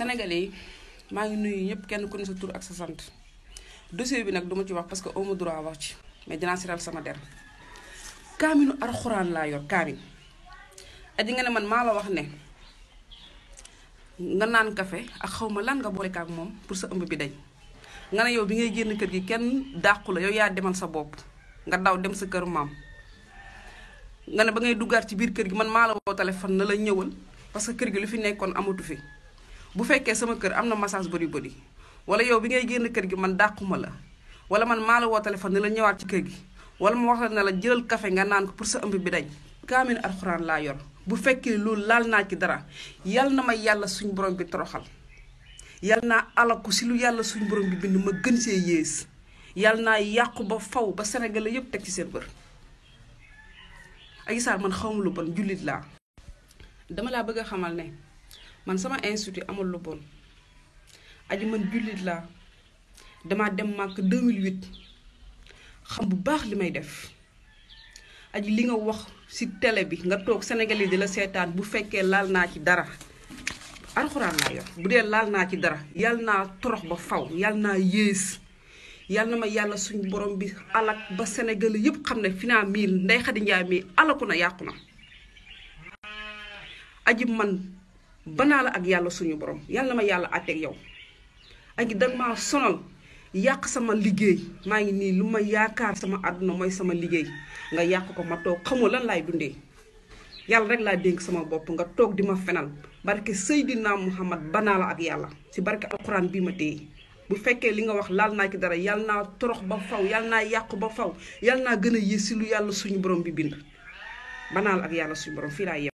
sénégalais yi maa ngi nuyu ñëpp kenn ku ne sa tur ak sa sant dossier bi nag duma ci wax parce que awma droit wax ci mais dinaa seetal sama der kaaminu alxuraan laa yor kaamin aji nga ne man maa la wax ne nga naan kafe ak xaw ma lan nga boole moom pour sa ëmb bi day nga ne yow bi ngay génn kër gi kenn dàqu la yow yaa demal sa bopp nga daw dem sa kër maam nga ne ba ngay duggaat ci biir kër gi man maa la woo téléphone na la ñëwal parce que kër gi lu fi nekkoon amatu fi bu fekkee sama kër am na massage body body wala yow bi ngay génn kër gi man dàquma la wala man maa la woo téléphone la ñëwaat ci kër gi wala ma wax na la jëlal kafe nga naan ko pour sa ëmb bi dañ kaamil alxuraan laa yor bu fekkee loolu laal naa ci dara yal na ma yàlla suñ borom bi toroxal yal naa alaku si lu yàlla suñ borom bi bind ma gën see yées yal naa yàqu ba faw ba Sénégal yépp teg ci seen bër Adji Sarr man xawma lu bon jullit laa bëgg a xamal ne man sama institut amul la bon aji man jullit laa dama dem màkk 2008 xam bu baax li may def aji li nga wax ci télé bi nga toog Sénégalais di la seetaan bu fekkee laal naa ci dara alxuraan laa yor bu dee laal naa ci dara yàlla naa torox ba faw yàlla naa yées yàlla na ma yàlla suñ borom bi alak ba Sénégal yëpp xam ne finaa mii Ndeye Khady Ndiaye mii alaku na yàqu na aji man banaa la ak yàlla suñu borom yàlla ma yàlla àtteeg yow ak danga maa sonal yàq sama liggéey maa ngi nii lu ma yaakaar sama àdduna mooy sama liggéey nga yàq ko ma toog xamul lan laay dundee yàlla rek laa dénk sama bopp nga toog di ma fenal barke Seydina Muhammad banaa la ak yàlla si barke alxuraan bii ma téye bu fekkee li nga wax laal naa ki dara yàlla naa torox ba faw yàlla naa yàqu ba faw yàlla naa gën a yées si lu yàlla suñu borom bi bind banaa la ak yàlla suñu